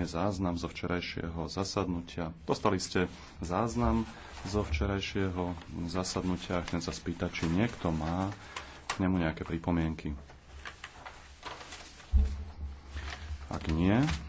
je záznam zo včerajšieho zasadnutia. Dostali ste záznam zo včerajšieho zasadnutia a chcem sa spýtať, či niekto má k nemu nejaké pripomienky. Ak nie,